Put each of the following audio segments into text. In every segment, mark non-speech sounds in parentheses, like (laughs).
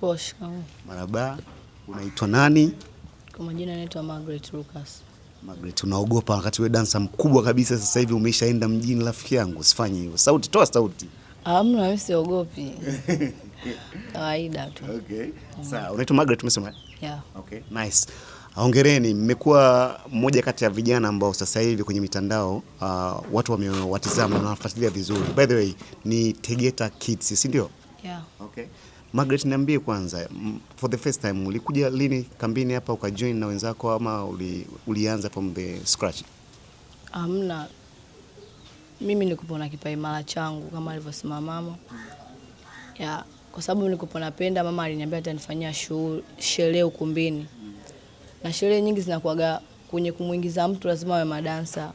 Posh. Barabara. Um. Unaitwa nani? Kwa majina naitwa Margaret Lucas. Margaret, unaogopa wakati wewe dansa mkubwa kabisa sasa hivi umeshaenda mjini rafiki yangu, usifanye hivyo. Sauti, toa sauti. Amna, mimi siogopi. (laughs) Kawaida tu. Okay. Mm. Sawa, unaitwa Margaret umesema? Yeah. Okay. Nice. Hongereni, mmekuwa mmoja kati ya vijana ambao sasa hivi kwenye mitandao uh, watu wamewatizama na wanafuatilia vizuri. By the way, ni Tegeta Kids, si ndio? Yeah. Okay. Margaret, niambie kwanza, for the first time ulikuja lini kambini hapa ukajoin na wenzako ama uli, ulianza from the scratch? Amna, mimi nilikupona kipaimara changu kama alivyosema mama ya, kwa sababu nilikuwa napenda. Mama aliniambia atanifanyia sherehe ukumbini, na sherehe nyingi zinakuaga kwenye kumwingiza mtu lazima awe madansa.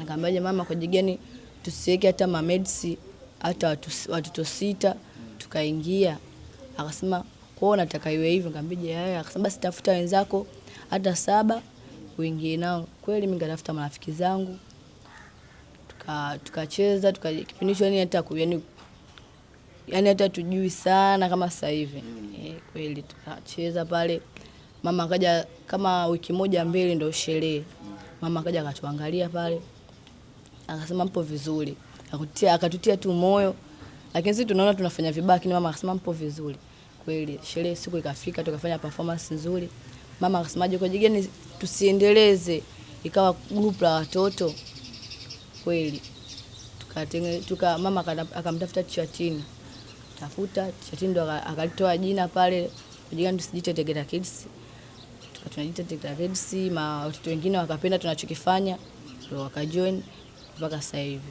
Nikamwambia mama, kwa jigeni tusiweke hata mamedsi hata watoto sita tukaingia. Akasema kwao nataka iwe hivyo, nikamwambia yeye, akasema basi tafuta wenzako hata saba uingie nao. Kweli mimi nikatafuta marafiki zangu tukacheza tuka kipindi hicho yani hata yani yani hata tujui sana kama sasa hivi e, kweli tukacheza pale. Mama akaja kama wiki moja mbili ndio sherehe. Mama akaja akatuangalia pale akasema mpo vizuri, akatutia akatutia tu moyo lakini sisi tunaona tunafanya vibaya, lakini mama akasema mpo vizuri kweli. Sherehe siku ikafika, tukafanya performance nzuri, mama akasema je, kwa jigeni tusiendeleze, ikawa group la watoto kweli. Tukatenge tuka mama akamtafuta chatini, tafuta chatini, ndo akalitoa jina pale, jigeni tusijite Tegeta Kids, tukatunajita Tegeta Kids. Ma watoto wengine wakapenda tunachokifanya, ndio wakajoin mpaka sasa hivi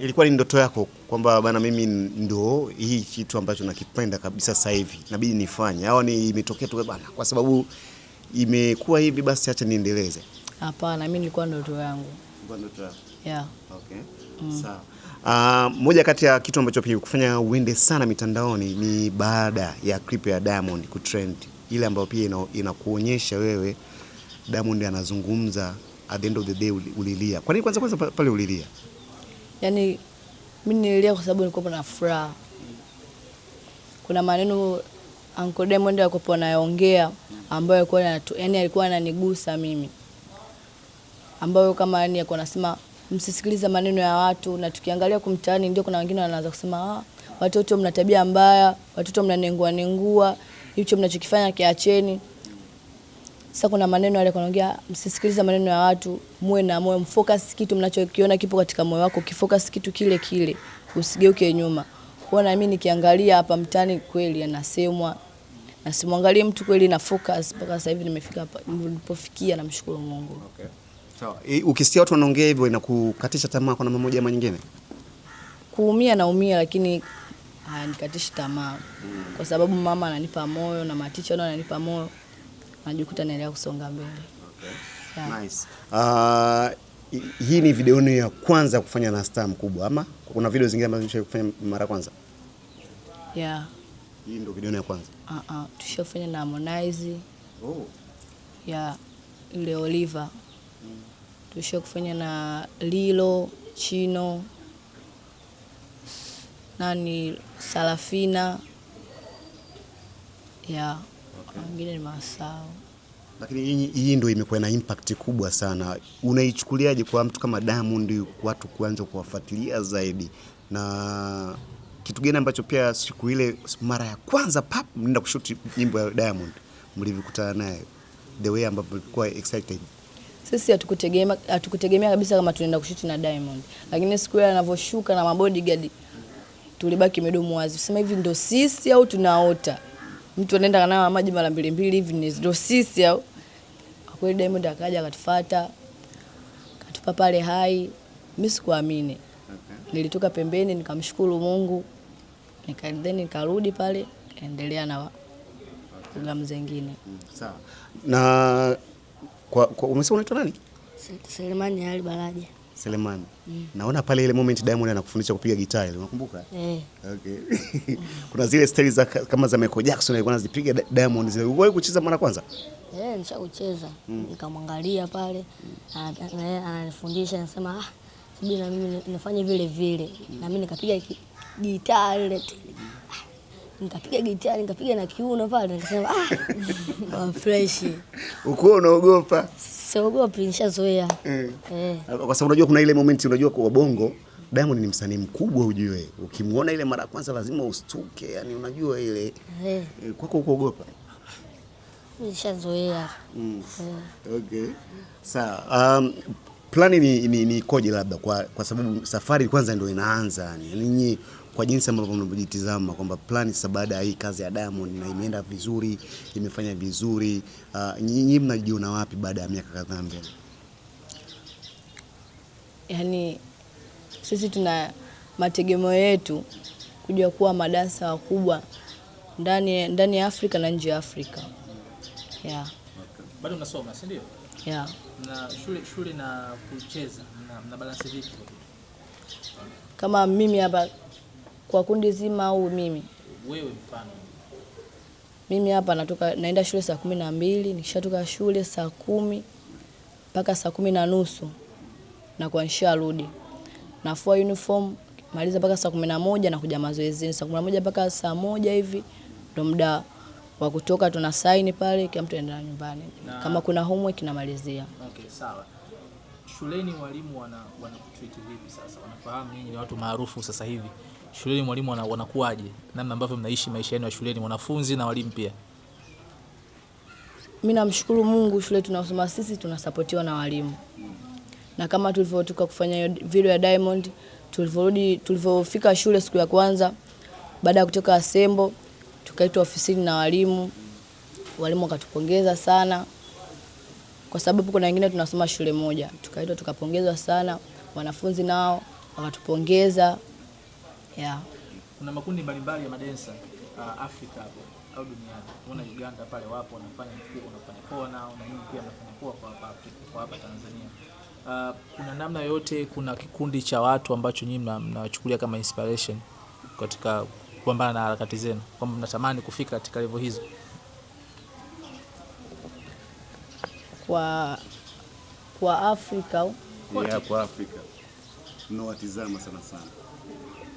ilikuwa ni ndoto yako kwamba bana, mimi ndo hii kitu ambacho nakipenda kabisa sasa hivi inabidi nifanye, au ni imetokea tu bana, kwa sababu imekuwa hivi, basi acha niendeleze? Hapana, mimi nilikuwa ndoto yangu. Ndoto yako? Yeah. Okay. Mm. Sawa. Uh, moja kati ya kitu ambacho pia kufanya uende sana mitandaoni ni baada ya clip ya Diamond kutrend, ile ambayo pia inakuonyesha ina wewe Diamond anazungumza, at the end of the day ulilia. Kwa nini kwanza kwanza pale ulilia? yani mimi nililia kwa sababu nilikuwa na furaha. Kuna maneno Uncle Diamond alikuwa anayaongea ambayo alikuwa yani alikuwa ananigusa mimi, ambayo kama yani alikuwa anasema msisikilize maneno ya watu, na tukiangalia kumtaani ndio kuna wengine wanaanza kusema ah, watoto mna tabia mbaya, watoto mnanengua nengua, hicho mnachokifanya kiacheni. Sasa kuna maneno yale kanaongea, msisikilize maneno ya watu, muwe na moyo, mfocus kitu mnachokiona kipo katika moyo wako, kifocus kitu kile kile, usigeuke nyuma. Kwa na mimi nikiangalia hapa mtaani kweli anasemwa na simwangalie mtu kweli na focus mpaka sasa hivi nimefika hapa nilipofikia, namshukuru Mungu. Okay. So, ukisikia watu wanaongea hivyo inakukatisha tamaa kwa namna moja ama nyingine? Kuumia naumia, lakini hayanikatishi ah, tamaa kwa sababu mama ananipa moyo na maticha nao ananipa moyo najikuta naendelea kusonga mbele. Okay. Yeah. Nice. Uh, hii ni video ni ya kwanza kufanya na star mkubwa ama kuna video zingine ambazo nimesha kufanya mara kwanza? Yeah. Hii ndio video ya kwanza. Uh -uh. Tushafanya na Harmonize. Oh. Yeah. Ile Oliver. Mm. Tushia kufanya na Lilo, Chino, nani Salafina. Yeah wengine ni masao. Lakini hii ndio imekuwa na impact kubwa sana, unaichukuliaje kwa mtu kama Diamond, watu kuanza kuwafuatilia zaidi, na kitu gani ambacho pia siku ile mara ya kwanza pap mnaenda kushuti nyimbo ya Diamond mlivyokutana naye, the way ambapo mlikuwa excited? Sisi hatukutegemea hatukutegemea kabisa kama tunaenda kushuti na Diamond, lakini siku ile anavyoshuka na mabodyguard tulibaki midomo wazi, sema hivi ndo sisi au tunaota mtu anaenda kanawa maji mara mbili mbili hivi, ni ndio sisi au kweli. Diamond akaja akatufuata akatupa pale hai, mimi sikuamini. Okay. Nilitoka pembeni nikamshukuru Mungu then nikarudi pale endelea na programu zingine. Mm, sawa. Na kwa, kwa umesema unaitwa nani? Selemani Ali Baraja. Selemani. Mm. Naona pale ile moment Diamond anakufundisha kupiga gitaa ile, unakumbuka? Eh. Okay. (laughs) Kuna zile style za kama za Michael Jackson alikuwa anazipiga Diamond zile. Wewe kucheza mara kwanza? Eh, nishakucheza. Mm. Nikamwangalia pale. Mm. Ananifundisha anasema, ah, sijui na mimi nifanye vile vile. Mm. Na mimi nikapiga gitaa ile. Nikapiga gitaa, nikapiga na kiuno pale, nikasema ah, (laughs) fresh. Ukuwa unaogopa? Siogopi, nishazoea eh. Eh. Kwa sababu unajua kuna ile momenti, unajua kwa bongo Diamond ni msanii mkubwa ujue, ukimwona ile mara ya kwanza lazima ustuke, yani unajua ile eh. eh kwako ukuogopa? Nishazoea mm. eh. Okay, sawa um, plani ni, ni, ni koje labda kwa, kwa sababu safari kwanza ndio inaanza ninyi kwa jinsi ambavyo mnajitizama kwamba plani sasa baada ya hii kazi ya Diamond na imeenda vizuri, imefanya vizuri uh, nyinyi mnajiona wapi baada ya miaka kadhaa mbele? yani sisi tuna mategemeo yetu kuja kuwa madasa wakubwa ndani ndani ya Afrika na nje ya Afrika yeah bado unasoma si ndio? Yeah. Na shule shule na kucheza mna balance vipi? Kama mimi hapa kwa kundi zima au mimi wewe, mfano mimi hapa natoka naenda shule saa kumi na mbili nikishatoka shule saa kumi mpaka saa kumi na nusu nakuwa rudi nafua uniform maliza mpaka saa kumi na moja kuja mazoezini saa kumi na moja mpaka saa moja hivi ndo muda wa kutoka tuna saini pale, kila mtu anaenda nyumbani na, kama kuna homework namalizia. Okay, sawa. Shuleni walimu wana wanakutreat vipi sasa? Wanafahamu nyinyi ni watu maarufu sasa hivi. Shuleni mwalimu wana, wanakuaje? Namna ambavyo mnaishi maisha yenu ya shuleni, wanafunzi na walimu pia? Mimi namshukuru Mungu, shule tunasoma sisi tunasapotiwa na walimu. Na kama tulivyotoka kufanya video ya Diamond, tulivyorudi tulivyofika shule siku ya kwanza baada ya kutoka asembo tukaitwa ofisini na walimu, walimu wakatupongeza sana kwa sababu kuna wengine tunasoma shule moja, tukaitwa tukapongezwa sana. Wanafunzi nao wakatupongeza yeah. Kuna makundi mbalimbali ya madensa uh, Afrika hapo au duniani. Unaona Uganda pale wapo wanafanya wanafanya poa nao na nyinyi pia mnafanya poa kwa hapa Afrika kwa hapa Tanzania. Uh, kuna namna yote, kuna kikundi cha watu ambacho nyinyi mnawachukulia kama inspiration katika kupambana na harakati zenu, kwamba mnatamani kufika katika levo hizo? Kwa kwa Afrika au yeah, kwa Afrika tunawatizama sana sana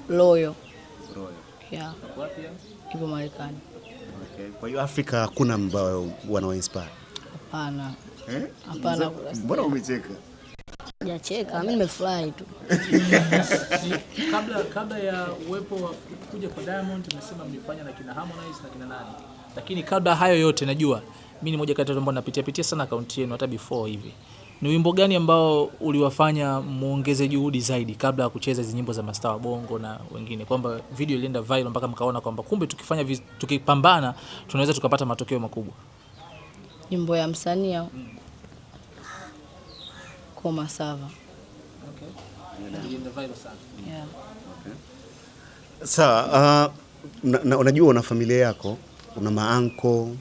loyo loyo yeah, ipo Marekani. Okay. Kwa hiyo Afrika hakuna ambao wanaoinspire? Hapana, eh? hapana. Mbona umecheka? Sijacheka, mimi nimefurahi tu. (laughs) Kabla kabla ya uwepo wa kuja kwa Diamond umesema mlifanya na kina Harmonize na kina nani? Lakini kabla hayo yote najua mimi ni moja kati ya watu ambao napitia pitia sana akaunti yenu hata before hivi. Ni wimbo gani ambao uliwafanya muongeze juhudi zaidi kabla ya kucheza hizo nyimbo za mastaa wa Bongo na wengine, kwamba video ilienda viral mpaka mkaona kwamba kumbe tukifanya tukipambana tunaweza tukapata matokeo makubwa? Nyimbo ya msanii au? koma sava. Okay. Yeah. Yeah. Okay. uh, unajua una familia yako, una maanko,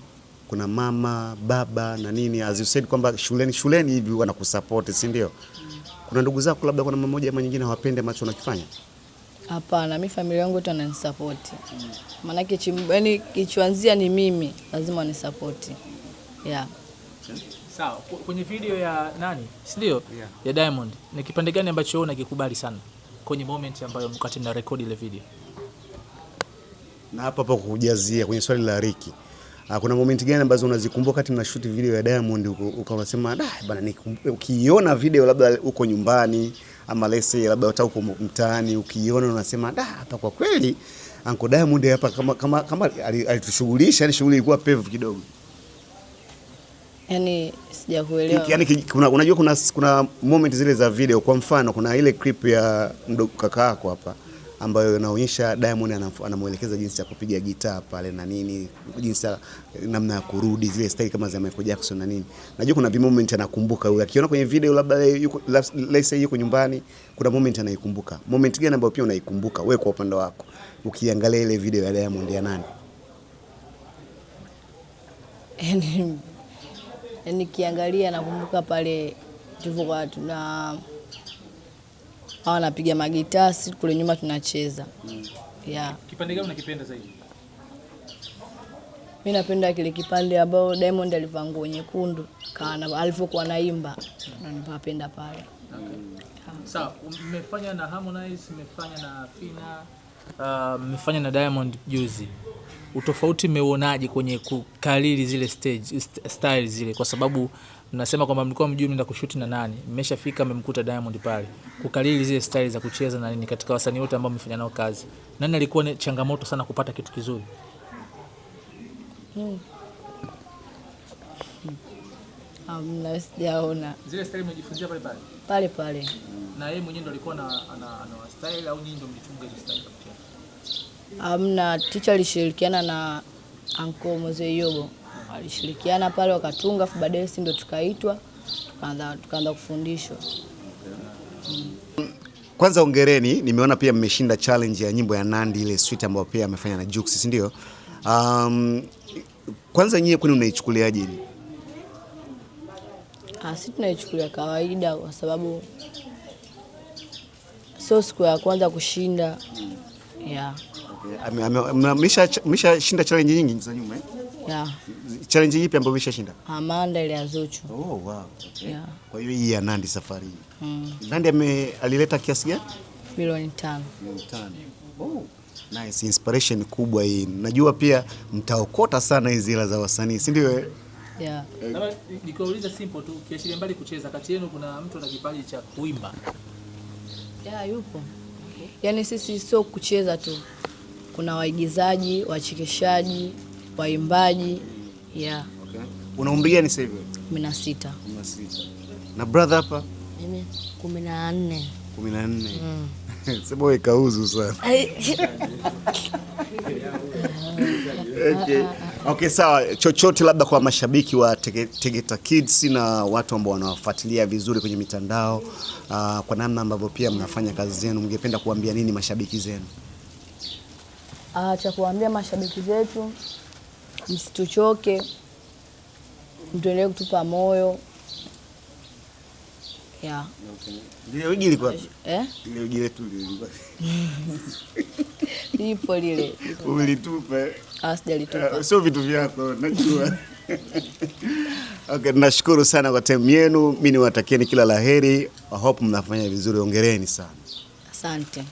kuna mama baba na nini, as you said kwamba shuleni shuleni hivi wanakusupport, si ndio? Mm. Kuna ndugu zako labda kuna mmoja ama nyingine hawapende macho unakifanya? Hapana, mi familia yangu yote wananisapoti, mm. maanake yani kichuanzia ni mimi, lazima wanisapoti yeah. Eh? Sawa, kwenye video ya nani, si ndio? Yeah. ya Diamond ni kipande gani ambacho wewe unakikubali sana kwenye moment ambayo mkati na record ile video? Na hapa hapa kujazia kwenye swali la Riki, ah, kuna momenti gani ambazo unazikumbuka kati na shoot video ya Diamond ukasema da bana, ukiona video labda uko nyumbani ama lese labda hata uko mtaani, ukiona unasema da, hapa kwa kweli Uncle Diamond hapa kama, kama, kama alitushughulisha, yani shughuli ilikuwa pevu kidogo. Yani sijakuelewa. Yaani kuna, unajua kuna, kuna moment zile za video, kwa mfano kuna ile clip ya mdogo kaka yako hapa ambayo inaonyesha Diamond anamuelekeza jinsi ya kupiga gitaa pale na nini, jinsi ya namna ya kurudi zile style kama za Michael Jackson na nini. Najua kuna vi moment anakumbuka yule, akiona kwenye video labda yuko let's say yuko nyumbani, kuna moment anaikumbuka. Moment gani ambayo pia unaikumbuka wewe kwa upande wako ukiangalia ile video ya Diamond ya nani? Yaani, Eh, nikiangalia nakumbuka pale tulivyokuwa tuna hawa wanapiga magitasi kule nyuma tunacheza. Mm. Yeah. Kipande gani unakipenda zaidi? Mimi napenda kile kipande ambao Diamond alivaa nguo nyekundu kana alivyokuwa naimba. Mm. Na nipapenda pale. Sasa mmefanya na Harmonize, mmefanya na Fina, mmefanya uh, na Diamond juzi utofauti umeuonaje kwenye kukalili zile stage style zile, kwa sababu nasema kwamba mlikuwa mjui mnaenda kushuti na nani, mmeshafika mmemkuta Diamond pale, kukalili zile style za kucheza na nini, katika wasanii wote ambao mmefanya nao kazi, nani alikuwa ni changamoto sana kupata kitu kizuri? Hmm. Amna, sijaona zile style. Mmejifunzia pale pale pale pale, na yeye mwenyewe ndo alikuwa na ana, ana, ana style au nyinyi ndo mlichunga ile style? kwa Amna ticha alishirikiana na anko Mzee Yobo alishirikiana pale wakatunga, afu baadaye si ndo tukaitwa tukaanza kufundishwa. Mm. Kwanza ongereni, nimeona pia mmeshinda challenge ya nyimbo ya nandi ile sweet ambayo pia amefanya na Jux, si ndio? Um, kwanza nyie kwani unaichukuliaje? Ah, sisi tunaichukulia kawaida kwa sababu sio siku ya kwanza kushinda. Yeah. Mishashinda challenge nyingi za nyuma eh? Yeah. Challenge ipi ambayo umeshashinda? Amanda ile ya Zuchu. Oh, wow. Okay. Yeah. Kwa hiyo hii ya Nandi safari hii. Mm. Nandi ame alileta kiasi gani? Milioni 5. Milioni 5. Oh. Nice inspiration kubwa hii. Najua pia mtaokota sana hizi hela za wasanii, si ndio? Yeah. Uh, nikuuliza simple tu, kiashiria mbali kucheza, kati yenu kuna mtu ana kipaji cha kuimba? Yeah, yupo. Okay. Yaani sisi sio kucheza tu kuna waigizaji, wachekeshaji, waimbaji yeah. Okay. Una umri gani sasa hivi? kumi na sita. na Na brother hapa? Mimi kumi na nne. kumi na nne. Mm. (laughs) Sema wewe kauzu sana. Okay. Okay, sawa. Chochote labda kwa mashabiki wa Tegeta Kids na watu ambao wanawafuatilia vizuri kwenye mitandao, uh, kwa namna ambavyo pia mnafanya kazi zenu, mngependa kuambia nini mashabiki zenu? uh, cha kuambia mashabiki zetu, msituchoke, mtuendelee kutupa moyo yeah. Lipo (laughs) lile ulitupe, ah, sijalitupa, eh, sio vitu vyako najua. (laughs) Okay, nashukuru sana kwa time yenu. Mimi niwatakieni kila laheri. I hope mnafanya vizuri, ongereni sana. Asante.